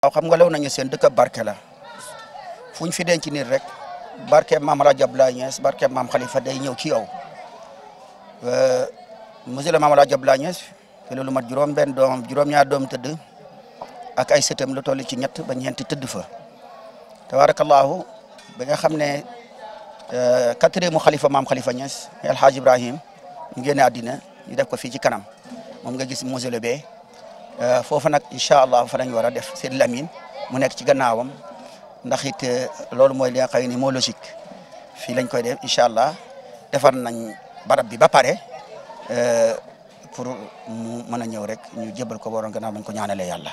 waaw xam nga lew nañu seen dëkk barke la fu ñu fi ci nit rek barke maam Alaaji Abdoulaye Niass barke maam Khalifa day ñëw ci aw euh, monsieur le maam Alaaji Abdoulaye Niass fi la lu mat juróom-benn doomam juróom-ñaar doom tëdd ak ay sëtam lu toll ci ñett ba ñeenti tëdd fa tabaarakallaahu bi nga xam ne euh, quatrième mu Khalifa maam Khalifa Niass El Hadj Ibrahim ñu génne àddina ñu def ko fii ci kanam moom nga gis mausolée be Euh, foofu nag incha allah fa lañ war a def Sidi Lamine mu nekk ci gannaawam ndax it euh, loolu mooy li nga xam ne moo logique fii lañ koy def incha allah defar nañ barab bi ba pare euh, pour mu mën a ñëw rek ñu jébal ko borom gannaaw bañ ko ñaanalee yàlla.